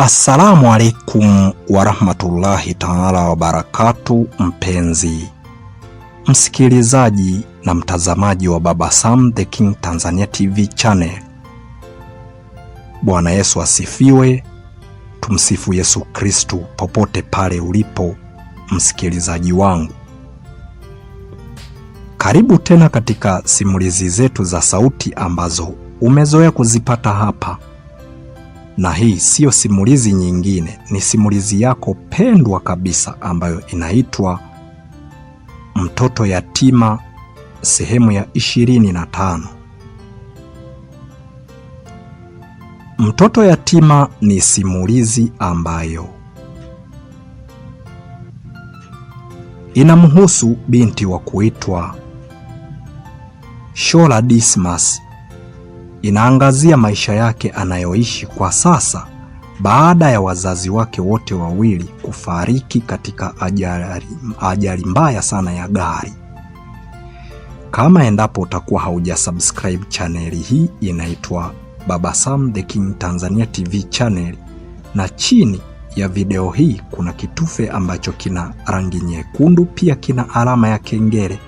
Assalamu alaikum warahmatullahi taala wabarakatu, mpenzi msikilizaji na mtazamaji wa Baba Sam The King Tanzania TV channel. Bwana Yesu asifiwe. Tumsifu Yesu Kristu popote pale ulipo msikilizaji wangu. Karibu tena katika simulizi zetu za sauti ambazo umezoea kuzipata hapa na hii siyo simulizi nyingine, ni simulizi yako pendwa kabisa ambayo inaitwa Mtoto Yatima sehemu ya 25 Mtoto Yatima ni simulizi ambayo inamhusu binti wa kuitwa Shola Dismas inaangazia maisha yake anayoishi kwa sasa baada ya wazazi wake wote wawili kufariki katika ajali, ajali mbaya sana ya gari. Kama endapo utakuwa haujasubscribe chaneli hii inaitwa Baba Sam The King Tanzania TV channel, na chini ya video hii kuna kitufe ambacho kina rangi nyekundu, pia kina alama ya kengele.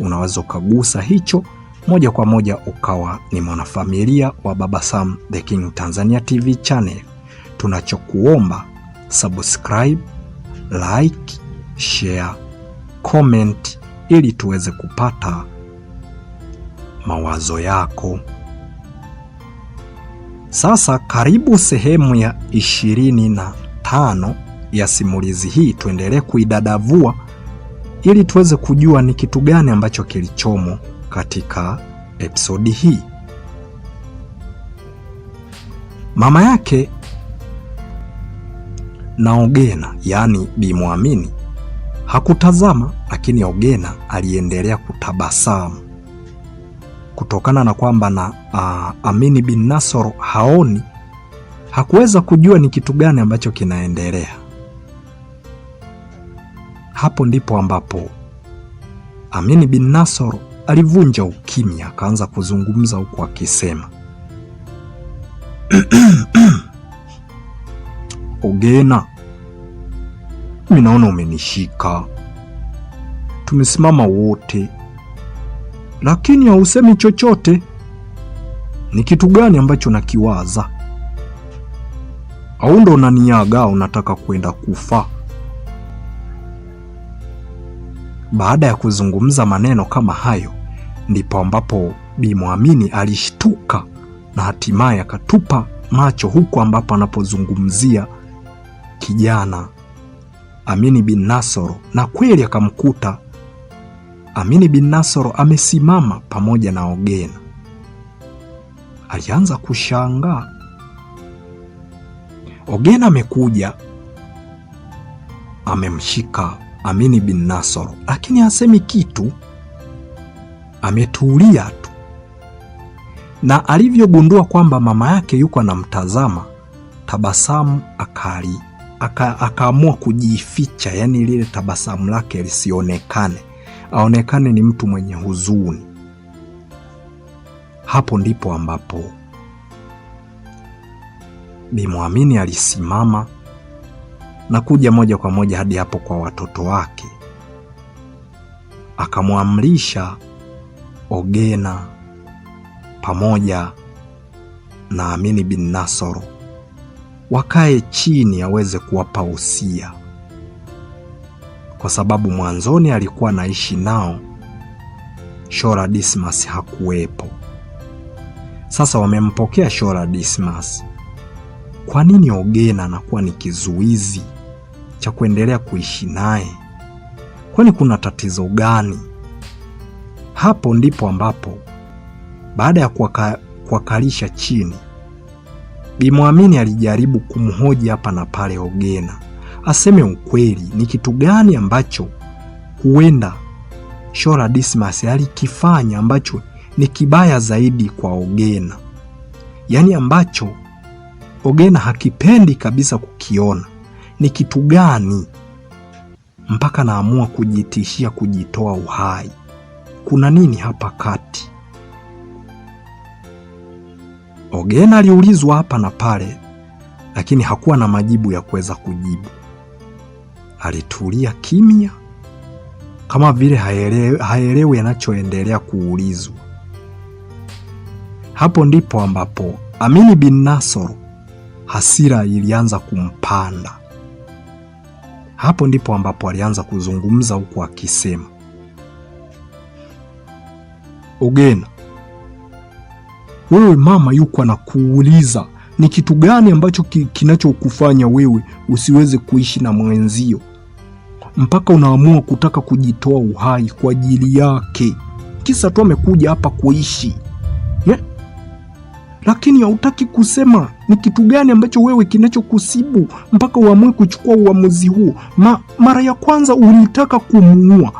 Unaweza ukagusa hicho moja kwa moja ukawa ni mwanafamilia wa Baba Sam The King Tanzania TV channel. Tunachokuomba subscribe, like, share, comment ili tuweze kupata mawazo yako. Sasa karibu sehemu ya ishirini na tano ya simulizi hii, tuendelee kuidadavua ili tuweze kujua ni kitu gani ambacho kilichomo katika episodi hii. Mama yake na Ogena, yaani Mwamini hakutazama, lakini Ogena aliendelea kutabasamu kutokana na kwamba na uh, Amini bin Nasoro haoni, hakuweza kujua ni kitu gani ambacho kinaendelea. Hapo ndipo ambapo Amini bin Nasoro Alivunja ukimya akaanza kuzungumza huku akisema Ogena, mimi naona umenishika. Tumesimama wote, lakini hausemi chochote. Ni kitu gani ambacho nakiwaza? Au ndo unaniaga? Unataka kwenda kufa? Baada ya kuzungumza maneno kama hayo ndipo ambapo Bi Mwamini alishtuka na hatimaye akatupa macho huku ambapo anapozungumzia kijana Amini bin Nasoro, na kweli akamkuta Amini bin Nasoro amesimama pamoja na Ogena. Alianza kushangaa, Ogena amekuja amemshika Amini bin Nasoro, lakini hasemi kitu ametuulia tu, na alivyogundua kwamba mama yake yuko anamtazama tabasamu akali aka, akaamua kujificha, yani lile tabasamu lake lisionekane, aonekane ni mtu mwenye huzuni. Hapo ndipo ambapo Bimwamini alisimama na kuja moja kwa moja hadi hapo kwa watoto wake, akamwamrisha Ogena pamoja na Amini bin Nasoro wakae chini aweze kuwapa usia, kwa sababu mwanzoni alikuwa anaishi nao, Shora Dismas hakuwepo. Sasa wamempokea Shora Dismas. Kwa nini Ogena anakuwa ni kizuizi cha kuendelea kuishi naye? Kwani kuna tatizo gani? Hapo ndipo ambapo baada ya kuwakalisha chini, Bimwamini alijaribu kumhoji hapa na pale Ogena aseme ukweli, ni kitu gani ambacho huenda Shora Dismas alikifanya ambacho ni kibaya zaidi kwa Ogena, yaani ambacho Ogena hakipendi kabisa kukiona. Ni kitu gani mpaka naamua kujitishia kujitoa uhai? kuna nini hapa kati? Ogena aliulizwa hapa na pale, lakini hakuwa na majibu ya kuweza kujibu. Alitulia kimya kama vile haelewi, haelewi yanachoendelea kuulizwa. Hapo ndipo ambapo Amini bin Nasoro hasira ilianza kumpanda. Hapo ndipo ambapo alianza kuzungumza huku akisema Ogena, wewe mama yuko anakuuliza ni kitu gani ambacho kinachokufanya wewe usiweze kuishi na mwenzio mpaka unaamua kutaka kujitoa uhai kwa ajili yake, kisa tu amekuja hapa kuishi yeah? Lakini hautaki kusema ni kitu gani ambacho wewe kinachokusibu mpaka uamue kuchukua uamuzi huo. Ma, mara ya kwanza ulitaka kumuua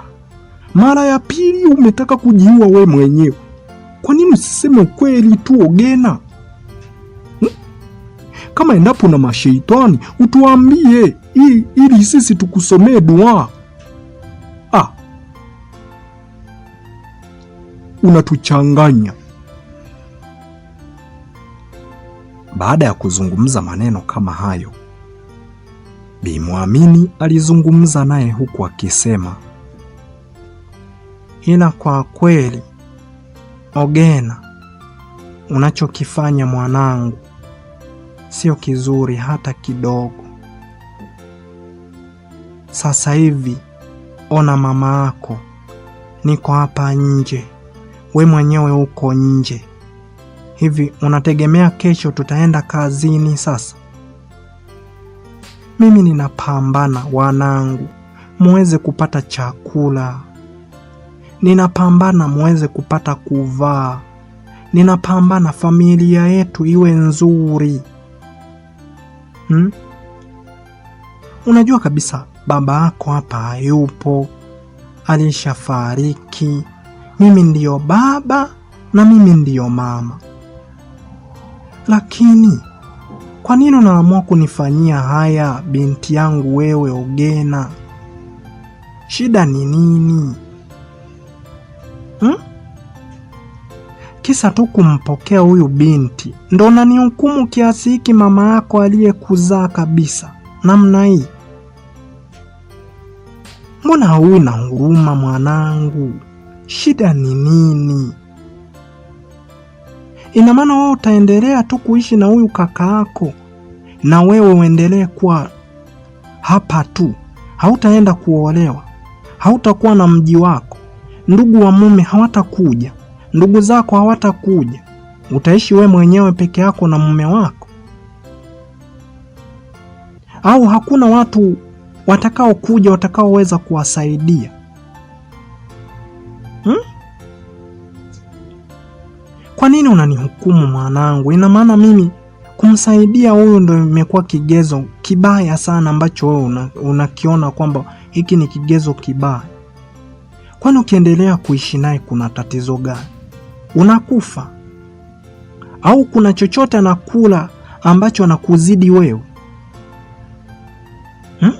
mara ya pili umetaka kujiua we mwenyewe. Kwa nini usiseme ukweli tu Ogena? Hmm? Kama endapo na masheitani utuambie ili, ili sisi tukusomee dua. Ah. Unatuchanganya. Baada ya kuzungumza maneno kama hayo, Bi alizungumza naye huku akisema ila kwa kweli Ogena, unachokifanya mwanangu sio kizuri hata kidogo. Sasa hivi ona mama yako, niko hapa nje, we mwenyewe uko nje. Hivi unategemea kesho tutaenda kazini? Sasa mimi ninapambana wanangu, muweze kupata chakula ninapambana muweze kupata kuvaa, ninapambana familia yetu iwe nzuri hmm? Unajua kabisa baba yako hapa hayupo, alishafariki. Mimi ndiyo baba na mimi ndiyo mama, lakini kwa nini unaamua kunifanyia haya binti yangu? Wewe Ogena, shida ni nini? kisa tu kumpokea huyu binti, ndo nanihukumu kiasi hiki mama yako aliyekuzaa kabisa namna hii? Mbona na huruma mwanangu? Shida ni nini? Ina maana wewe utaendelea tu kuishi na huyu kaka yako, na wewe uendelee kuwa hapa tu, hautaenda kuolewa, hautakuwa na mji wako, ndugu wa mume hawatakuja, ndugu zako hawatakuja, utaishi we mwenyewe peke yako na mume wako? Au hakuna watu watakaokuja watakaoweza kuwasaidia hmm? Kwa nini unanihukumu mwanangu? Ina maana mimi kumsaidia huyu ndo imekuwa kigezo kibaya sana ambacho wewe unakiona una kwamba hiki ni kigezo kibaya? Kwani ukiendelea kuishi naye kuna tatizo gani? unakufa au kuna chochote anakula ambacho anakuzidi wewe hmm?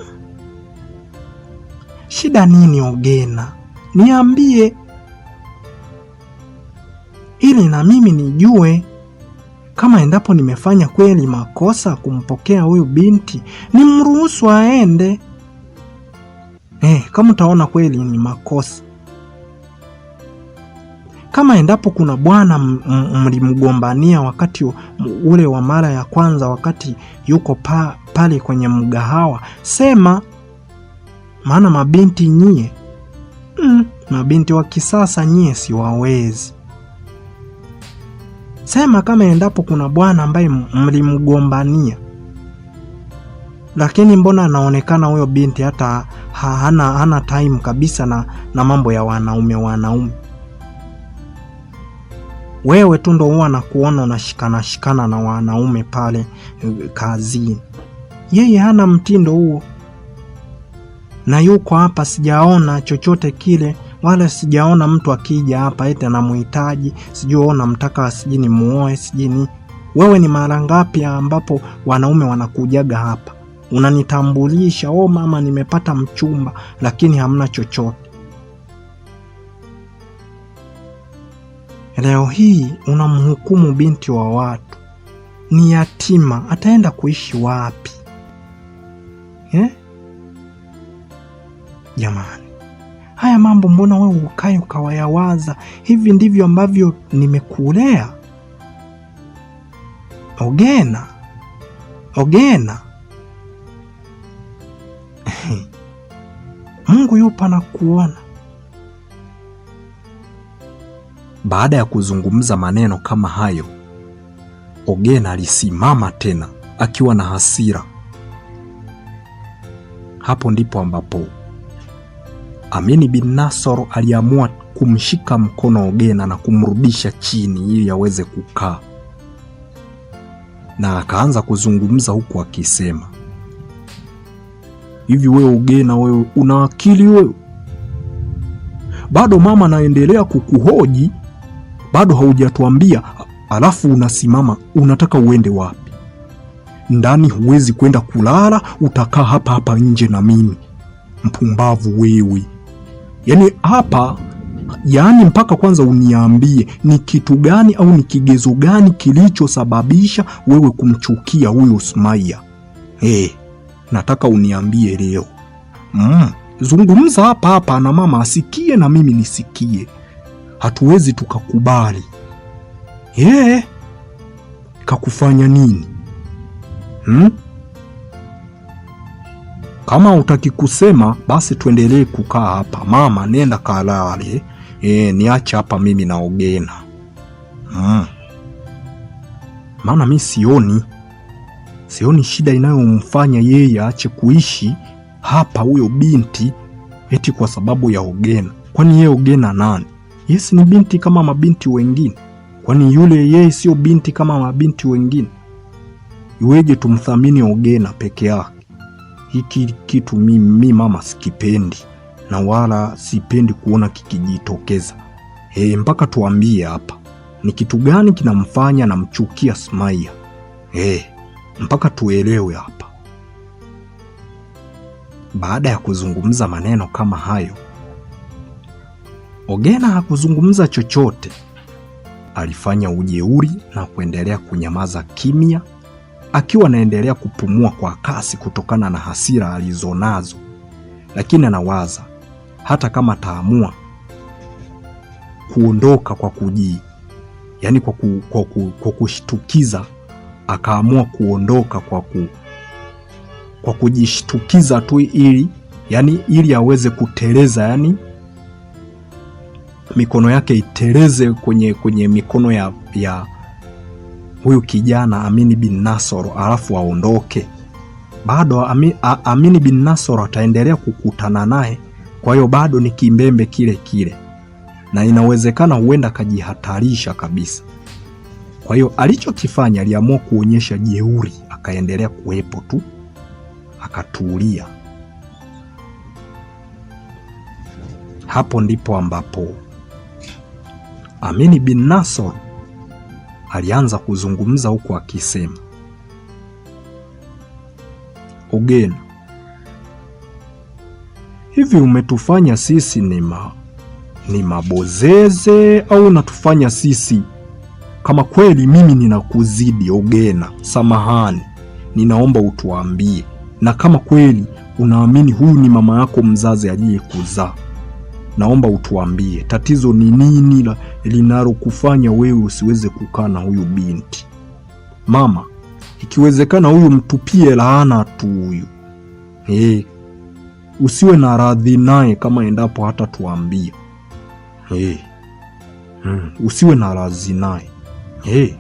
Shida nini Ogena, niambie ili na mimi nijue kama endapo nimefanya kweli makosa kumpokea huyu binti, nimruhusu aende eh, kama utaona kweli ni makosa kama endapo kuna bwana mlimgombania wakati ule wa mara ya kwanza, wakati yuko pa, pale kwenye mgahawa, sema maana mabinti nyie, mm, mabinti wa kisasa nyie siwawezi. Sema kama endapo kuna bwana ambaye mlimgombania lakini mbona anaonekana huyo binti hata hana, hana time kabisa na, na mambo ya wanaume wanaume wewe tu ndo huwa nakuona unashikana shikana na wanaume pale eh, kazini. Yeye hana mtindo huo, na yuko hapa, sijaona chochote kile wala sijaona mtu akija hapa eti anamhitaji sijui namtaka sijui ni muoe sijui ni wewe. Ni mara ngapi ambapo wanaume wanakujaga hapa unanitambulisha, oh mama, nimepata mchumba, lakini hamna chochote. Leo hii unamhukumu binti wa watu, ni yatima, ataenda kuishi wapi eh? Jamani, haya mambo mbona wewe ukae ukawayawaza? Hivi ndivyo ambavyo nimekulea Ogena, Ogena. Mungu yupo kuona Baada ya kuzungumza maneno kama hayo, Ogena alisimama tena akiwa na hasira. Hapo ndipo ambapo Amini bin Nasoro aliamua kumshika mkono Ogena na kumrudisha chini ili aweze kukaa, na akaanza kuzungumza huku akisema hivi, wewe Ogena, wewe una akili wewe? Bado mama anaendelea kukuhoji bado haujatuambia, alafu unasimama unataka uende wapi? Ndani huwezi kwenda kulala, utakaa hapa hapa nje na mimi? Mpumbavu wewe! Yaani hapa yaani mpaka kwanza uniambie ni kitu gani au ni kigezo gani kilichosababisha wewe kumchukia huyo Sumaia? Hey, eh, nataka uniambie leo. Mm, zungumza hapa hapa na mama asikie na mimi nisikie hatuwezi tukakubali. Yeye eh, kakufanya nini hmm? Kama utaki kusema basi tuendelee kukaa hapa. Mama nenda kalale, Eh, niache hapa mimi naogena hmm. Maana mi sioni sioni shida inayomfanya yeye aache kuishi hapa huyo binti eti kwa sababu ya Ogena. Kwani yeye Ogena nani? Yesi ni binti kama mabinti wengine, kwani yule yeye sio binti kama mabinti wengine? Iweje tumthamini Ogena peke yake? Hiki kitu mimi mama sikipendi na wala sipendi kuona kikijitokeza. Hey, mpaka tuambie hapa ni kitu gani kinamfanya namchukia Smaia? Hey, mpaka tuelewe hapa. Baada ya kuzungumza maneno kama hayo Ogena hakuzungumza chochote. Alifanya ujeuri na kuendelea kunyamaza kimya, akiwa anaendelea kupumua kwa kasi kutokana na hasira alizonazo, lakini anawaza hata kama ataamua kuondoka kwa kuji, yani kwa, ku, kwa, ku, kwa kushtukiza, akaamua kuondoka kwa ku, kwa kujishtukiza tu ili yani ili aweze kuteleza yani mikono yake iteleze kwenye, kwenye mikono ya, ya huyu kijana Amini bin Nasoro alafu aondoke. Bado Amini bin Nasoro ataendelea kukutana naye, kwa hiyo bado ni kimbembe kile kile, na inawezekana huenda akajihatarisha kabisa. Kwa hiyo alichokifanya, aliamua kuonyesha jeuri, akaendelea kuwepo tu, akatulia. Hapo ndipo ambapo Amini bin Nasor alianza kuzungumza huku akisema, Ogeni, hivi umetufanya sisi ni ma ni mabozeze au unatufanya sisi? Kama kweli mimi ninakuzidi Ogena, samahani, ninaomba utuambie, na kama kweli unaamini huyu ni mama yako mzazi aliyekuzaa naomba utuambie tatizo ni nini linalokufanya wewe usiweze kukaa na huyu binti mama. Ikiwezekana huyu mtupie laana tu huyu hey. Eh, usiwe na radhi naye kama endapo hata tuambie eh, hey. Hmm. Usiwe na radhi naye hey. Eh,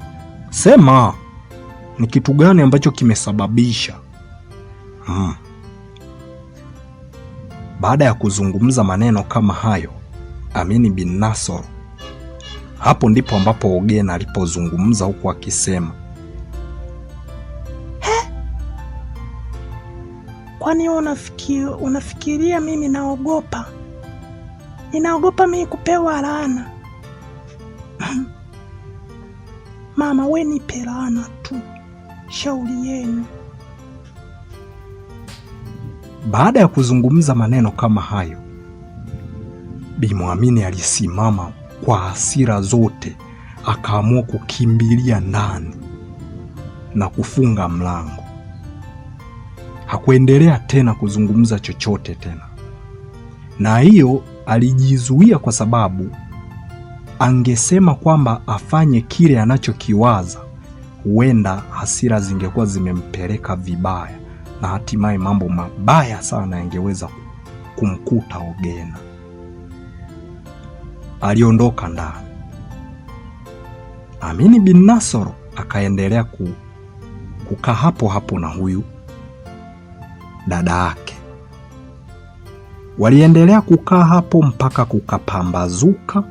sema ni kitu gani ambacho kimesababisha hmm. Baada ya kuzungumza maneno kama hayo, Amin bin Nasor, hapo ndipo ambapo Ogena alipozungumza huku akisema, kwani unafikiri, unafikiria mimi naogopa? Ninaogopa mimi kupewa laana? Mama, we nipe laana tu, shauri yenu. Baada ya kuzungumza maneno kama hayo, Bi Mwamini alisimama kwa hasira zote, akaamua kukimbilia ndani na kufunga mlango. Hakuendelea tena kuzungumza chochote tena, na hiyo alijizuia kwa sababu angesema kwamba afanye kile anachokiwaza, huenda hasira zingekuwa zimempeleka vibaya na hatimaye mambo mabaya sana yangeweza kumkuta Ogena. Aliondoka ndani. Amini bin Nasoro akaendelea ku, kukaa hapo hapo na huyu dada yake. Waliendelea kukaa hapo mpaka kukapambazuka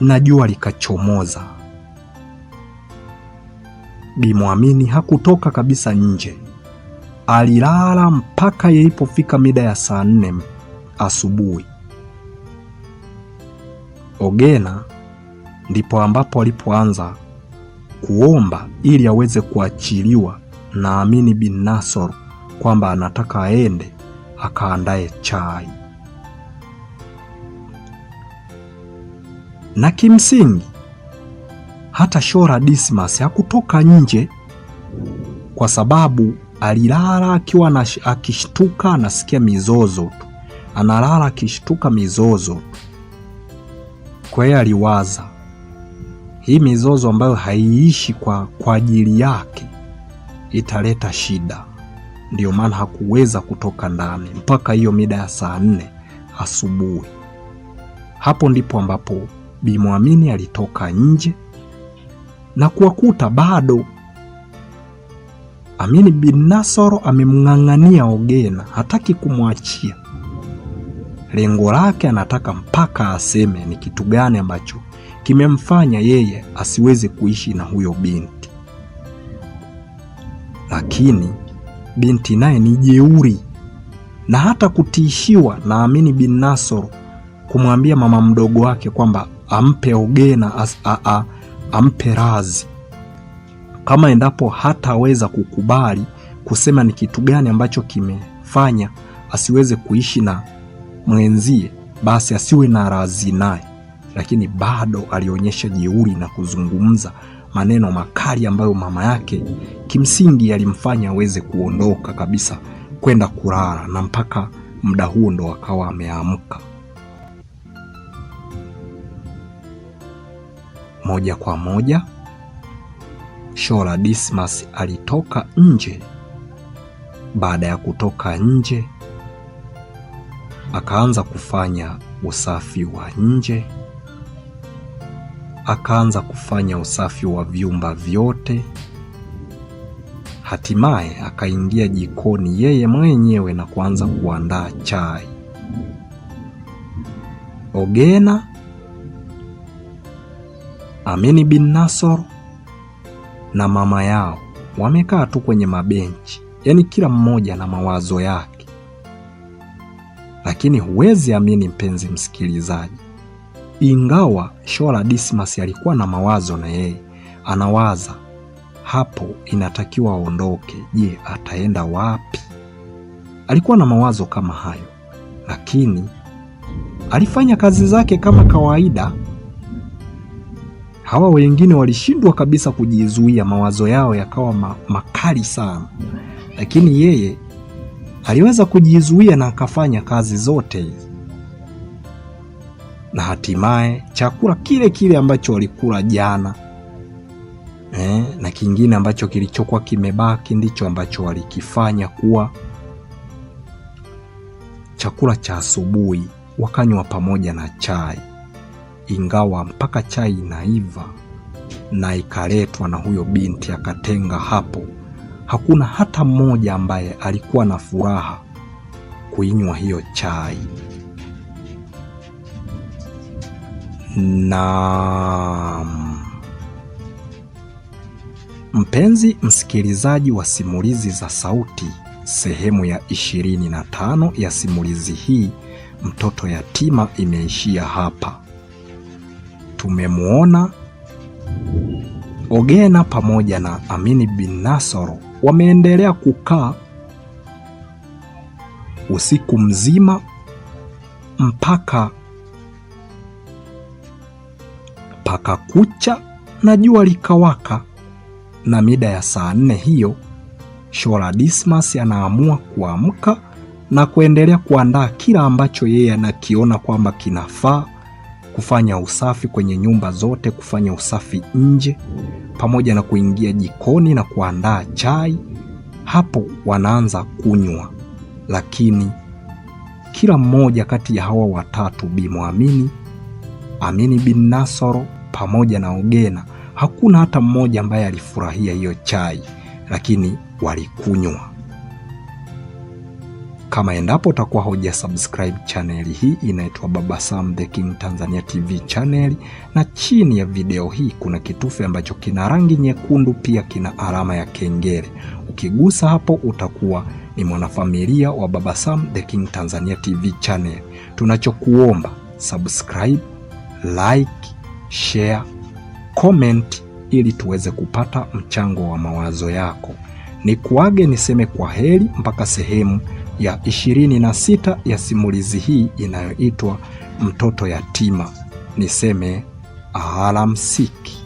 na jua likachomoza. Bimwamini hakutoka kabisa nje. Alilala mpaka ilipofika mida ya saa nne asubuhi. Ogena ndipo ambapo alipoanza kuomba ili aweze kuachiliwa na Amini bin Nasor, kwamba anataka aende akaandaye chai na kimsingi hata Shora Dismas hakutoka nje kwa sababu alilala akiwa akishtuka, anasikia mizozo tu, analala akishtuka mizozo tu. Kwa hiyo aliwaza hii mizozo ambayo haiishi kwa, kwa ajili yake italeta shida, ndiyo maana hakuweza kutoka ndani mpaka hiyo mida ya saa nne asubuhi. Hapo ndipo ambapo Bimwamini alitoka nje na kuwakuta bado. amini bin Nasoro amemng'ang'ania Ogena, hataki kumwachia. Lengo lake anataka mpaka aseme ni kitu gani ambacho kimemfanya yeye asiweze kuishi na huyo binti. Lakini binti naye ni jeuri, na hata kutishiwa na Amini bin Nasoro kumwambia mama mdogo wake kwamba ampe Ogena as, a, a, ampe razi. kama endapo hataweza kukubali kusema ni kitu gani ambacho kimefanya asiweze kuishi na mwenzie, basi asiwe na razi naye. Lakini bado alionyesha jeuri na kuzungumza maneno makali ambayo mama yake kimsingi alimfanya aweze kuondoka kabisa kwenda kulala, na mpaka muda huo ndo akawa ameamka. Moja kwa moja Shola Dismas alitoka nje. Baada ya kutoka nje, akaanza kufanya usafi wa nje, akaanza kufanya usafi wa vyumba vyote. Hatimaye akaingia jikoni yeye mwenyewe na kuanza kuandaa chai. Ogena Amini bin Nasor na mama yao wamekaa tu kwenye mabenchi, yaani kila mmoja na mawazo yake. Lakini huwezi amini, mpenzi msikilizaji, ingawa Shola Dismas alikuwa na mawazo na yeye anawaza hapo inatakiwa aondoke. Je, ataenda wapi? Alikuwa na mawazo kama hayo, lakini alifanya kazi zake kama kawaida. Hawa wengine walishindwa kabisa kujizuia, mawazo yao yakawa ma makali sana, lakini yeye aliweza kujizuia na akafanya kazi zote na hatimaye chakula kile kile ambacho walikula jana eh, na kingine ambacho kilichokuwa kimebaki ndicho ambacho walikifanya kuwa chakula cha asubuhi, wakanywa pamoja na chai ingawa mpaka chai inaiva na ikaletwa na huyo binti akatenga hapo, hakuna hata mmoja ambaye alikuwa na furaha kuinywa hiyo chai. Na mpenzi msikilizaji wa simulizi za sauti, sehemu ya 25 ya simulizi hii Mtoto Yatima imeishia hapa tumemwona Ogena pamoja na Amini bin Nasoro wameendelea kukaa usiku mzima mpaka paka kucha na jua likawaka, na mida ya saa nne hiyo Shola Dismas anaamua kuamka na kuendelea kuandaa kila ambacho yeye anakiona kwamba kinafaa kufanya usafi kwenye nyumba zote, kufanya usafi nje, pamoja na kuingia jikoni na kuandaa chai. Hapo wanaanza kunywa, lakini kila mmoja kati ya hawa watatu, Bi Muamini, Amini bin Nasoro pamoja na Ogena, hakuna hata mmoja ambaye alifurahia hiyo chai, lakini walikunywa kama endapo utakuwa hauja subscribe chaneli hii inaitwa Baba Sam The King Tanzania TV channel, na chini ya video hii kuna kitufe ambacho kina rangi nyekundu, pia kina alama ya kengele. Ukigusa hapo utakuwa ni mwanafamilia wa Baba Sam The King Tanzania TV channel. Tunachokuomba subscribe, like, share, comment ili tuweze kupata mchango wa mawazo yako. ni kuage niseme kwa heri mpaka sehemu ya 26 ya simulizi hii inayoitwa Mtoto Yatima. Niseme alamsiki.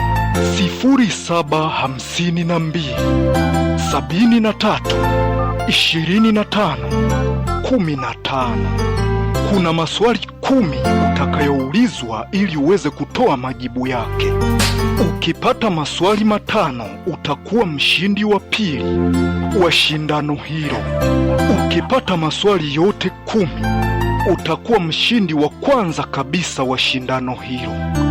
0752 kumi na tano Kuna maswali kumi utakayoulizwa ili uweze kutoa majibu yake. Ukipata maswali matano utakuwa mshindi wa pili wa shindano hilo. Ukipata maswali yote kumi utakuwa mshindi wa kwanza kabisa wa shindano hilo